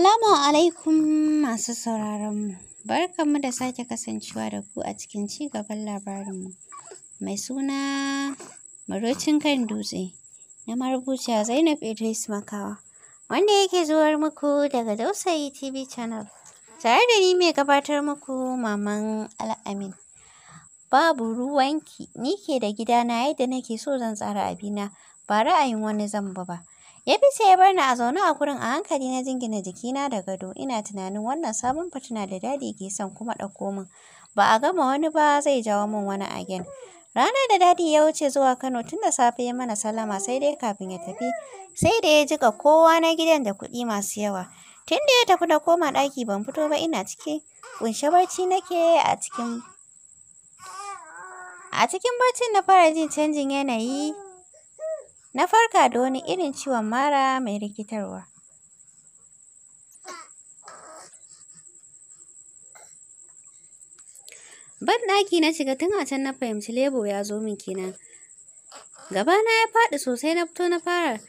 Assalamu alaikum masu sauraronmu. mu da sake kasancewa da ku a cikin ci gaban labarinmu. Mai suna Marocin kan dutse na marubuciya Zainab Idris Makawa, wanda yake zuwar muku daga Dausayi TV Channel. Tare da ni mai gabatar muku Maman Al'amin. Babu ruwanki, ni ke da gidana yadda nake so zan tsara abina, ba ra'ayin wani zan ba ba. Ya fice ya bar ni a zaune a gurin a hankali na jingina jikina da gado. Ina tunanin wannan sabon fitina da dadi ke son kuma ɗauko min. Ba a gama wani ba zai jawo min wani again. Ranar da dadi ya wuce zuwa Kano tun da safe ya mana sallama sai dai kafin ya tafi. Sai da ya jika kowa na gidan da kuɗi masu yawa. Tun da ya tafi da koma ɗaki ban fito ba ina ciki. Kunshe barci nake a cikin a cikin barcin na fara jin canjin yanayi. Na farka da wani irin ciwon mara mai rikitarwa. Banɗaki na shiga tun a can na fahimci lebo ya zo min kenan. Gabana ya faɗi sosai na fito na fara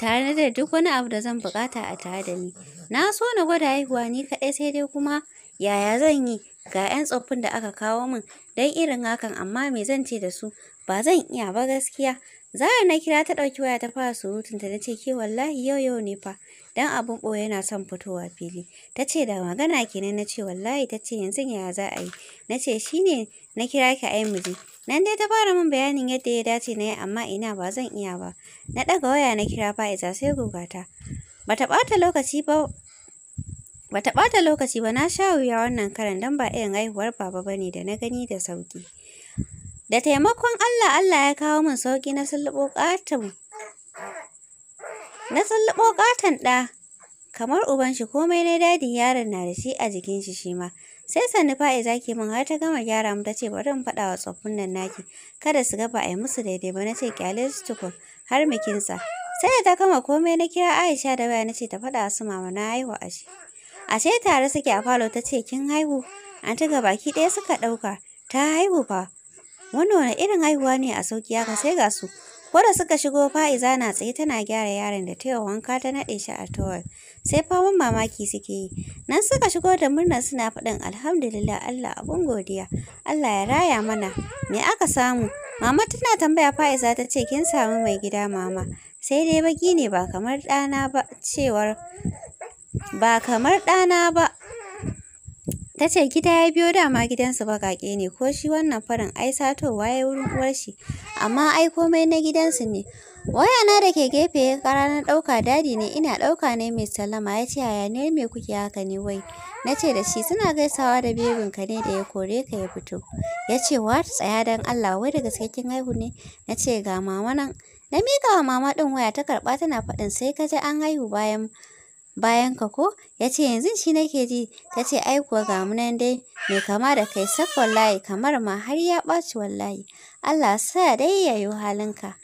tare da duk wani abu da zan buƙata a tare da ni. Na so na gwada haihuwa ni kaɗai sai dai kuma yaya zan yi ga 'yan tsoffin da aka kawo min don irin hakan amma me zan ce da su ba zan iya ba gaskiya. Zara na kira ta ɗauki waya ta fara surutun ta ce ke wallahi yau yau ne fa dan abun ɓoye yana son fitowa fili. Ta ce da magana kenan na ce wallahi ta ce yanzu ya za a yi. Na ce shine na kira ki ai mu Nan dai ta fara min bayanin yadda ya dace na yi amma ina ba zan iya ba. Na ɗaga waya na kira fa'iza sai gugata. Bata ɓata lokaci ba Bata ɓata lokaci ba na sha wuya wannan karan dan ba irin haihuwar baba bane da na gani da sauki. Da taimakon Allah Allah ya kawo min sauki na sulluɓo ƙaton. Na ɗa. Kamar uban shi komai na dadi yaron na da shi a jikin shi shi ma. Sai sannu fa'iza zaki min har ta gama gyara mu ta ce bari mu faɗa wa tsoffin nan naki. Kada su ga ba musu daidai ba na ce kyale su tukun har mikinsa. Sai da ta kama komai na kira Aisha da waya na ce ta faɗa su mama na haihu a shi. sai tare suke a falo ta ce kin haihu an ta baki ɗaya suka ɗauka ta haihu fa Wannan wani irin haihuwa ne a sauki haka sai ga su. da suka shigo fa'iza na tsaye tana gyara yaron da taya wanka ta naɗe shi a towel. Sai faman mamaki suke yi. Nan suka shigo da murna suna faɗin alhamdulillah Allah abun godiya. Allah ya raya mana. Me aka samu? Mama tana tambaya fa'iza ta ce kin samu mai gida mama. Sai dai baki ne ba kamar ɗana ba cewar ba kamar ɗana ba Ta ce gida ya biyo dama gidansu baƙaƙe ne ko shi wannan farin ai satowa ya wurin uwar shi amma ai komai na gidansu ne. Waya na da ke gefe ya kara na ɗauka dadi ne ina ɗauka ne mai sallama ya ce yaya ne mai kuke haka ne wai. Na ce da shi suna gaisawa da ka ne da ya kore ka ya fito. Ya ce wa tsaya don Allah wai daga gaske kin haihu ne. Na ce ga mama nan. Na miƙa wa mama ɗin waya ta karɓa tana faɗin sai kaje an haihu bayan bayan ka ko ya ce yanzu shi nake ji ta ce ai kuwa ga munan dai mai kama da kai sak wallahi kamar ma har ya ɓaci wallahi Allah sa dai ya yi halinka.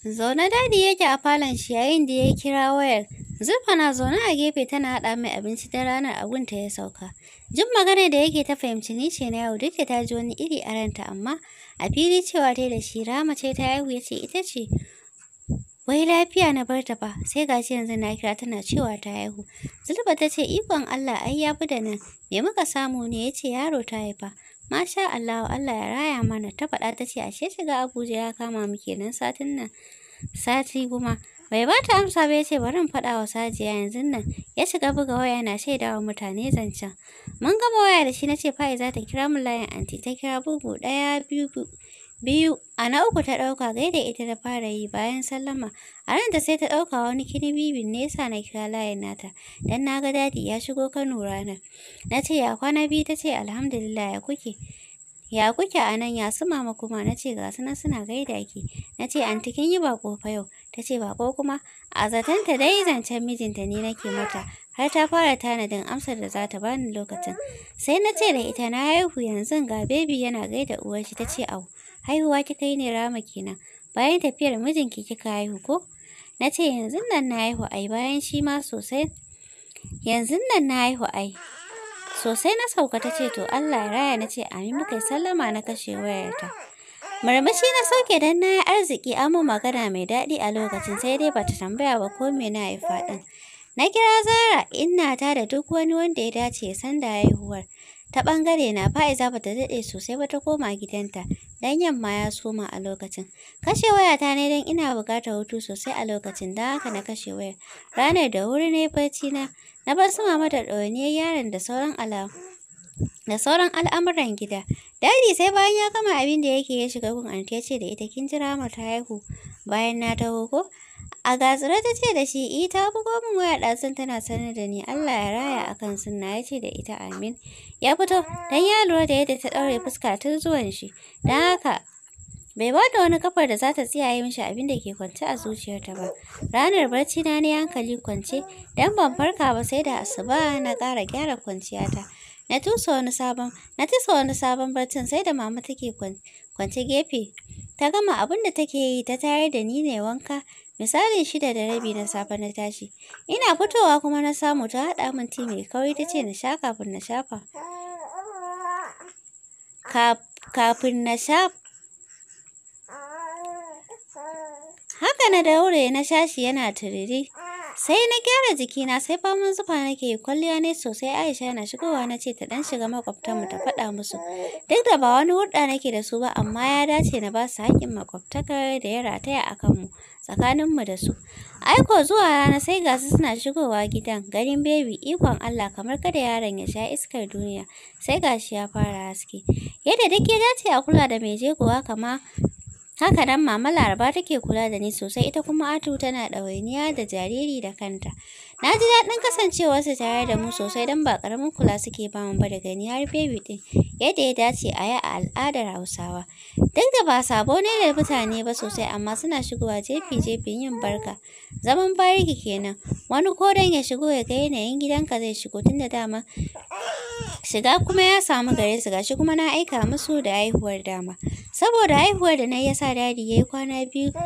Zaune dadi yake a falon shi yayin da ya kira wayar Zulfa na zaune a gefe tana haɗa mai abinci da ranar agunta ya sauka. Jin magana da yake ta fahimci ni ce na yau duk da ta ji wani iri a ranta amma a fili cewa ta da shi rama ce ta haihu ya ce ita ce. wai lafiya na bar ta fa sai gashi yanzu na kira tana cewa ta haihu Zulba ta ce ikon allah ai ya fi da nan me muka samu ne ya ce yaro ta haifa masha allahu allah ya raya mana ta faɗa ta ce ashe shiga abuja ya kama mu kenan satin nan sati kuma bai ba ta amsa ba ya ce bari in faɗa wa sajiya yanzu nan ya shiga buga waya na shaida wa mutane zancen mun gama waya da shi na ce fa'i za ta kira mu layin anti ta kira bugu ɗaya biyu biyu a na uku ta ɗauka gaida ita ta fara yi bayan sallama a nan ta sai ta ɗauka wani kinibibin nesa na kira layin nata dan na ga dadi ya shigo kano ranar na ce ya kwana biyu ta ce alhamdulillah ya kuke ya kuke a nan ya su mama kuma na ce ga su suna gaida ki na ce anti kin yi bako fa yau ta ce bako kuma a zaton ta dai zancen mijinta ne nake mata har ta fara tanadin amsar da za ta bani lokacin sai na ce da ita na haihu yanzu ga bebi yana gaida uwar shi ta ce au haihuwa kika yi ne rama kenan bayan tafiyar mijinki kika haihu ko na ce yanzu nan na haihu ai bayan shi ma sosai yanzu nan na haihu ai sosai na sauka ta ce to Allah ya raya na ce amin muka yi sallama na kashe wayarta Marmashi na sauke don na yi arziki amma magana mai daɗi a lokacin sai dai bata tambaya ba ko me na haifa ɗin na kira zara ina ta da duk wani wanda ya dace ya san da haihuwar ta ɓangare na fa'iza bata daɗe sosai ba ta koma gidanta Dan yamma ya soma a lokacin. Kashe wayata ne dan ina bukatar hutu sosai a lokacin, don haka na kashe waya. Ranar da wuri na yi na, na bar su mama da ɗawainiyar yaron da sauran alamu. da sauran al'amuran gida. Dadi sai bayan ya kama abin da yake ya shiga gun anti ya ce da ita kin jira mu ta haihu bayan na taho ko? A gatsure ta ce da shi, "I eh, ta bugo min waya ɗazun tana sanar da ni Allah ya raya a kan sunna ya ce da ita amin." Ya fito, dan ya lura da yadda ta ɗaure fuska tun zuwan shi, don haka bai ba da wani kafar da za ta tsiyaye mishi abin da ke kwance a zuciyarta ba. Ranar barci na ne hankali kwance, dan ban farka ba sai da asuba na ƙara gyara kwanciyata. Na tusa wani sabon, na tusa wani sabon barcin sai da mama take kwance gefe. Ta gama abin da take yi ta tayar da ni ne wanka. misalin shida da rabi na safe na tashi. Ina fitowa kuma na samu ta haɗa min ti mai kauri ta ce na sha kafin na shafa. Kafin na shafa. Haka na daure na shashi yana turiri. Sai na gyara jikina sai faman zufa nake yi kwalliya ne sosai Aisha na shigowa na ce ta dan shiga makwabtanmu ta faɗa musu. Duk da ba wani hulɗa nake da su ba amma ya dace na ba su haƙƙin makwabtakar da ya rataya a kanmu tsakaninmu da su. Aiko zuwa rana sai ga su suna shigowa gidan garin bebi ikon Allah kamar kada yaron ya sha iskar duniya sai gashi ya fara haske. Yadda duk ya dace a kula da mai jegowa kama Haka nan Mama Laraba take kula da ni sosai ita kuma Atu tana ɗawainiya da jariri da kanta. Na ji daɗin kasancewarsa tare da mu sosai don ba ƙaramin kula suke ba mu ba da gani har baby ɗin yadda ya dace a yi a al'adar Hausawa. Duk da ba sabo ne da mutane ba sosai amma suna shigowa jefi-jefin yin barka. Zaman bariki kenan wani ko don ya shigo ya ga yanayin gidanka zai shigo tun da dama shiga kuma ya samu gare su gashi kuma na aika musu da haihuwar dama. Saboda haihuwar da na yi sa dadi ya yi kwana biyu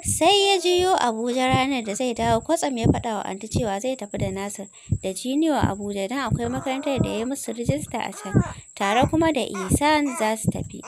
sai ya jiyo Abuja ranar da zai dawo kwatsam ya faɗa wa anti cewa zai tafi da nasa da jini wa Abuja don akwai makarantar da ya yi musu rijista a can tare kuma da isan za su tafi.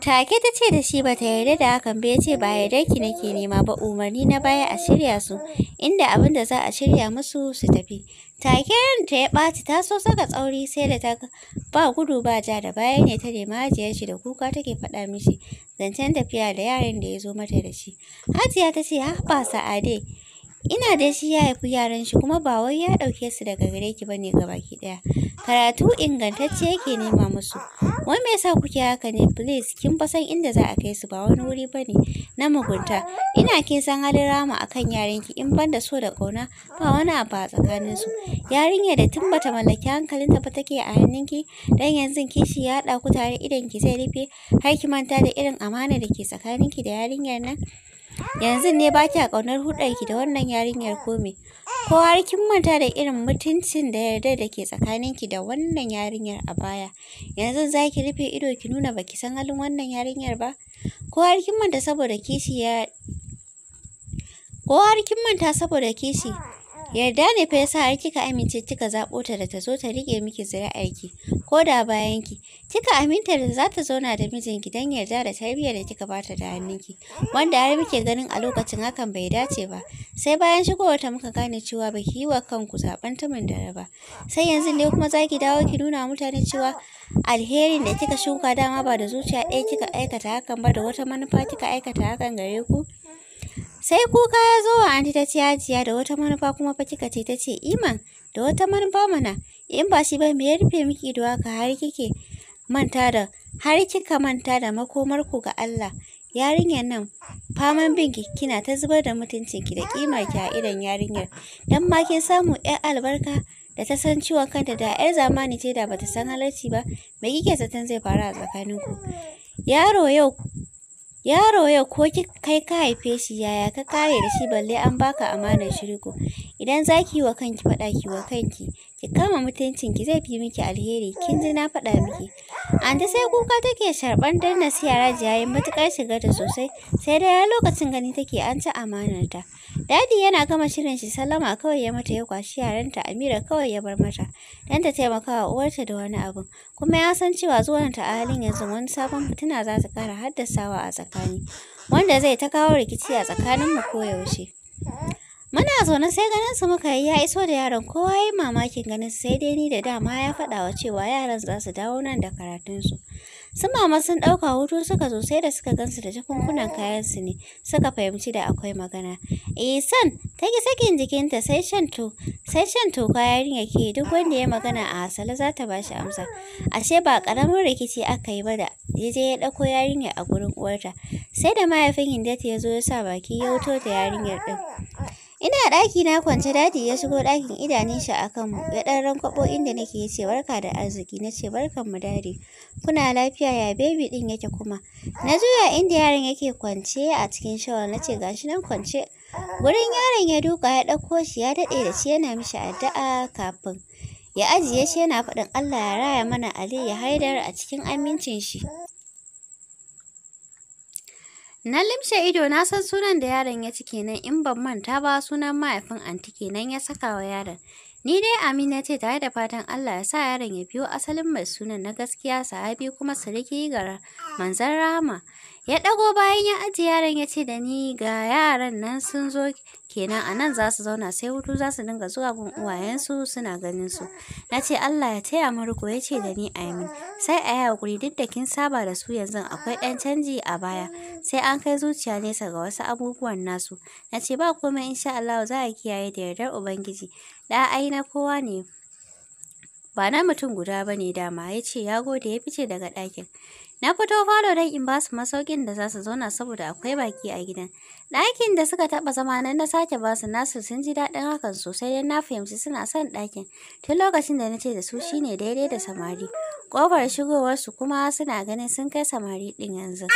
Take ta ce da shi ba ta yarda da hakan ba ya ce ba yarda ki nake nema ba umarni na baya a shirya su inda abin da za a shirya musu su tafi. Take ta ya ɓaci ta so saka tsauri sai da ta ba gudu ba ja da baya ne ta nema hajiyar shi da kuka take faɗa mishi zancen tafiya da yaran da ya zo mata da shi. Hajiya ta ce ha ba sa'ade. Ina dai shi ya haifi yaran shi kuma ba wai ya ɗauke su daga gare ki bane baki ɗaya. Karatu ingantacce yake nema musu. Wai me yasa kuke haka ne please kin ba san inda za a kai su ba wani wuri bane na mugunta. Ina kin san halin rama akan yaran ki in banda so da ƙauna ba wani abu a tsakanin su. Yarinya da tun bata mallaki ta ba take a hannun ki dan yanzu kishi ya ɗaku, tare idan ki zai rufe har ki manta da irin amana da ke tsakanin ki da yarinyar nan. yanzu ne ba kya ƙaunar hudarki da wannan yarinyar kome ko har kin manta da irin mutuncin da yarda da ke tsakanin ki da wannan yarinyar a baya yanzu za ki rufe ido ki nuna ba ki san halin wannan yarinyar ba ko har kin manta saboda kishi ya ko har kin manta saboda kishi Yarda ne fa yasa har kika amince kika zaɓo ta da ta zo ta rike miki zuri'arki ko da bayan ki. Kika aminta da za ta zauna da mijin ki dan yarda da tarbiyyar da kika bata da hannunki wanda har muke ganin a lokacin hakan bai dace ba. Sai bayan shigowar ta muka gane cewa baki yi wa kanku ta min dare ba. Sai yanzu ne kuma za ki dawo ki nuna mutane cewa alherin da kika shuka dama ba da zuciya ɗaya kika aikata hakan ba da wata manufa kika aikata hakan gare ku. Sai kuka ya zo wa anti ta ce hajiya da wata manufa kuma fa kika ce tace iman da wata manufa mana in ba shi ba me ya rufe miki da haka har kike manta da har kika manta da makomar ku ga Allah yarinyar nan faman bin kina ta zubar da mutuncin ki da kima ki a idon yarinyar dan ma kin samu yar albarka da ta san ciwon kanta da yar zamani ce da bata san halarci ba me kike zaton zai faru a tsakaninku yaro yau Yaro yau ko kai ka haife shi yaya ka kare da shi balle an baka amanar shi idan zaki yi wa kanki faɗa ki wa kanki. ki kama mutuncin ki zai fi miki alheri kin ji na faɗa miki anta sai kuka take sharɓar danna su yara yayin matukar shiga da sosai sai da ya lokacin gani take an ci amanarta dadi yana gama shirin shi sallama kawai ya mata ya kwashi yaranta amira kawai ya bar mata dan ta taimaka wa uwarta da wani abu. kuma ya san cewa zuwanta a halin yanzu wani sabon fitina za ta ƙara haddasawa a tsakani wanda zai ta kawo rikici a tsakaninmu koyaushe Muna zaune sai ganin su muka yi ya iso da yaron kowa yi mamakin ganin sai dai ni da dama ya faɗawa cewa yaran za su dawo nan da karatunsu. Su mama sun ɗauka hutu suka zo sai da suka gansu da jakunkunan kayansu ne suka fahimci da akwai magana. Isan eh, ta ki sakin jikinta sai shan to sai shan toka yarinya ke duk wanda ya magana a asali za ta bashi amsa. Ashe ba ƙaramin rikici aka yi ba da ya je ya ɗauko yarinya a gurin uwarta. Sai da mahaifin Hindata ya zo ya sa baki ya wuto da yarinyar ɗin. Ina ɗaki na kwance dadi ya shigo ɗakin idanun shi a kanmu ya ɗan inda nake ya ce barka da arziki na ce barkan mu dadi kuna lafiya ya bebi ɗin yake kuma na juya inda yaron yake kwance a cikin shawar na ce gashi nan kwance gurin yaron ya duka ya ɗauko shi ya daɗe da shi yana mishi addu'a kafin ya ajiye shi yana faɗin Allah ya raya mana Ali ya haidar a cikin amincin shi Na limshe ido na san sunan da yaron ya cike nan in ban manta ba sunan mahaifin anti kenan ya saka wa yaron. Ni dai Amina ce tare da fatan Allah ya sa yaron ya biyo asalin mai sunan na gaskiya sahabi kuma sarki ga manzan rama. Ya ɗago bayan ya ajiye yaron ya ce da ni ga yaran nan sun zo kenan a nan za su zauna sai hutu za su dinga zuwa gun uwayensu suna ganin su na ce allah ya taya mu ya ce da ni amin sai a yi hakuri duk da kin saba da su yanzu akwai ɗan canji a baya sai an kai zuciya nesa ga wasu abubuwan nasu na ce ba komai in sha allah za a kiyaye da yardar ubangiji da ai na kowa ne ba na mutum guda ba ne dama ya ce ya gode ya fice daga ɗakin Na fito falo don in ba su masaukin da za su zauna saboda akwai baki a gidan. Ɗakin da suka taɓa zama nan na sake ba su nasu sun ji daɗin hakan sosai don na fahimci suna son ɗakin. Tun lokacin da na ce da su shine daidai da samari. Ƙofar shigowarsu kuma suna ganin sun kai samari ɗin yanzu.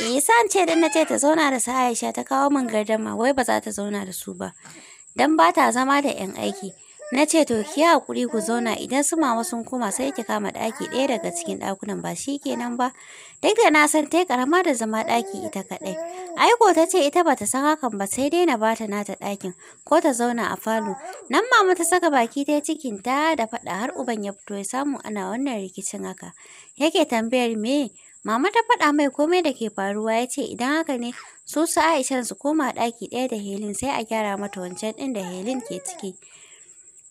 Isan eh, ce don na ce ta zauna da su Aisha ta kawo min gardama wai ba za ta zauna da su ba. Don ba ta zama da 'yan aiki. Na ce to ki hakuri ku zauna idan su mama sun koma sai ki kama ɗaki ɗaya daga cikin ɗakunan ba shi kenan ba. Duk da na san tai karama da zama ɗaki ita kaɗai. Aiko ta ce ita bata san hakan ba sai dai na bata nata ɗakin ko ta zauna a falo. Nan mama ta saka baki ta cikin ta da faɗa har uban ya fito ya samu ana wannan rikicin haka. Yake tambayar me Mama ta faɗa mai komai da ke faruwa ya ce idan haka ne su su Aisha su koma ɗaki ɗaya da Helin sai a gyara mata wancan ɗin da Helin ke ciki.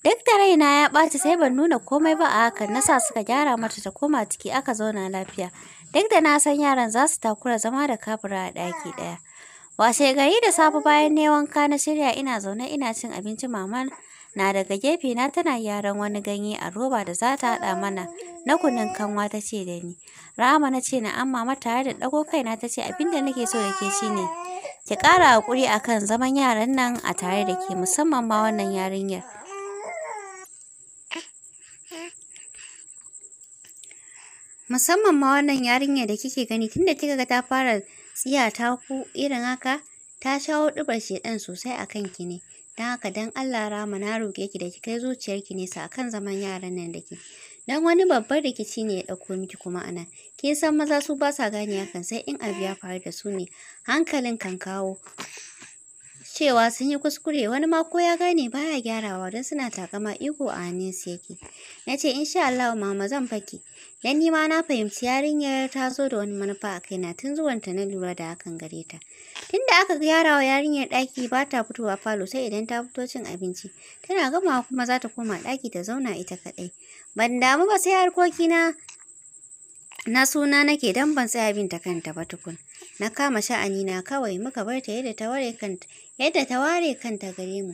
Duk da raina ya ɓaci sai ban nuna komai ba a hakan na sa suka gyara mata ta koma ciki aka zauna lafiya. Duk da na san yaran za su takura zama da kafura a ɗaki ɗaya. Washe gari da safe bayan ne wanka na shirya ina zaune ina cin abinci mama na daga gefe na tana yaran wani ganye a roba da za ta haɗa mana na kunun kanwa ta ce da ni. Rahama na ce na amma mata tare da ɗago kaina ta ce abin da nake so da ke shi ne. ki ƙara haƙuri akan zaman yaran nan a tare da ke musamman ma wannan yarinyar. Musamman ma wannan yarinya da kike gani tunda kika ga ta fara tsiya ta ku irin haka ta shawo ɗibar shedan sosai akan kanki ne. Dan haka dan Allah rama na roƙe ki da ki kai zuciyar ki nesa akan zaman yaran nan da ke. Dan wani babban rikici ne ya dauko miki kuma ana. Kin san maza su ba sa gani hakan sai in abu ya faru da su ne. Hankalin kan kawo cewa sun yi kuskure wani ma ko ya gane baya gyarawa don suna takama iko a hannunsu yake na ce insha Allah mama zan faki dan ni ma na fahimci yarinyar ta zo da wani manufa a kaina tun zuwanta na lura da hakan gare ta tunda aka gyara wa yarinyar ɗaki ba ta fitowa falo sai idan ta fito cin abinci tana gamawa kuma za ta koma ɗaki ta zauna ita kaɗai ban damu ba sai harkokina na suna nake dan ban tsaya bin ta kanta ba tukun na kama sha'anina kawai muka bar ta yadda ta ware kanta yadda ta ware kanta gare mu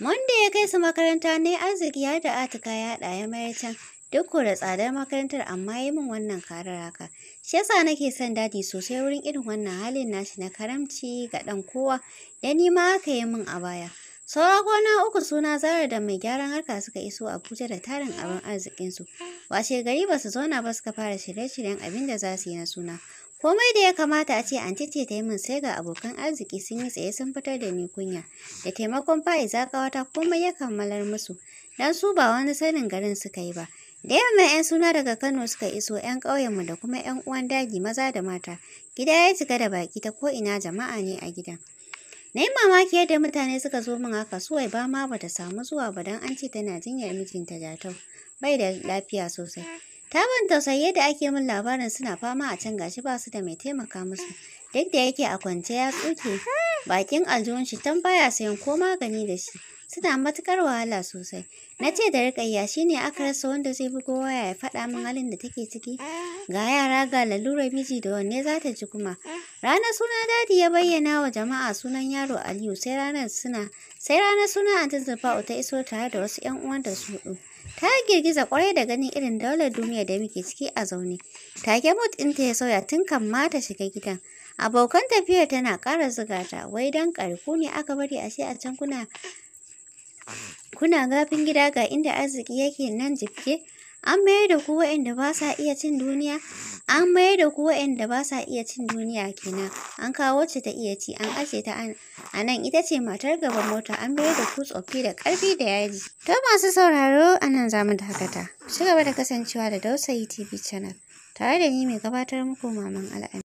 Monday ya kai su makaranta ne arziki ya da atika ya da ya mayar can duk da tsadar makarantar amma ya min wannan karar haka shi yasa nake son dadi sosai wurin irin wannan halin nashi na karamci ga ɗan kowa da ni ma aka yi min a baya saura gona uku suna zara da mai gyaran harka suka iso abuja da tarin abin arzikinsu washe gari ba su zauna ba suka fara shirye-shiryen abin da za su yi na suna Komai da ya kamata a ce an cece ta yi min sai ga abokan arziki sun yi tsaye sun fitar da ni kunya. Da taimakon fa'iza ƙawata komai ya kammalar musu. Dan su ba wani sanin garin suka yi ba. Da yamma 'yan suna daga Kano suka iso 'yan ƙauyenmu da kuma 'yan uwan daji maza da mata. Gida ya cika da baki ta ko'ina jama'a ne a gidan. Na yi mamaki yadda mutane suka zo min haka suwai ba ma bata samu zuwa ba dan an ce tana jinyar mijinta jatau. Bai da lafiya sosai. taban tausayi yadda ake min labarin suna fama a can gashi ba su da mai taimaka musu. Duk da yake a kwance ya tsuke, bakin aljihun shi tan baya sayan ko magani da shi. Suna matukar wahala sosai. Na ce da riƙayya shi ne aka rasa wanda zai bugo waya ya faɗa min halin da take ciki. Ga yara ga lalurar miji da wanne za ta ji kuma. Ranar suna dadi ya bayyana wa jama'a sunan yaro Aliyu sai ranar suna sai ranar suna Antin ta iso tare da wasu 'yan uwan da su hudu. Ta girgiza kwarai da ganin irin daular duniya da muke ciki a zaune. Take mut ta ya sauya tun kan ma ta shiga gidan. Abokan tafiyar tana kara zuga ta, wai don ƙarfu ne aka bari a ce a can kuna kuna gafin gida ga inda arziki yake nan jifke. An mayar da ku wa'inda ba sa iya cin duniya? An mayar da ku wa'inda ba sa iya cin duniya kenan. An kawo wacce ta iya ci, an aje ta a nan ita ce matar gaban mota, an mayar da ku tsoffi da ƙarfi da yaji. To masu sauraro a nan za mu dakata. Ci gaba da kasancewa da Dausayi TV Channel. Tare da ni mai gabatar muku Maman al'adu.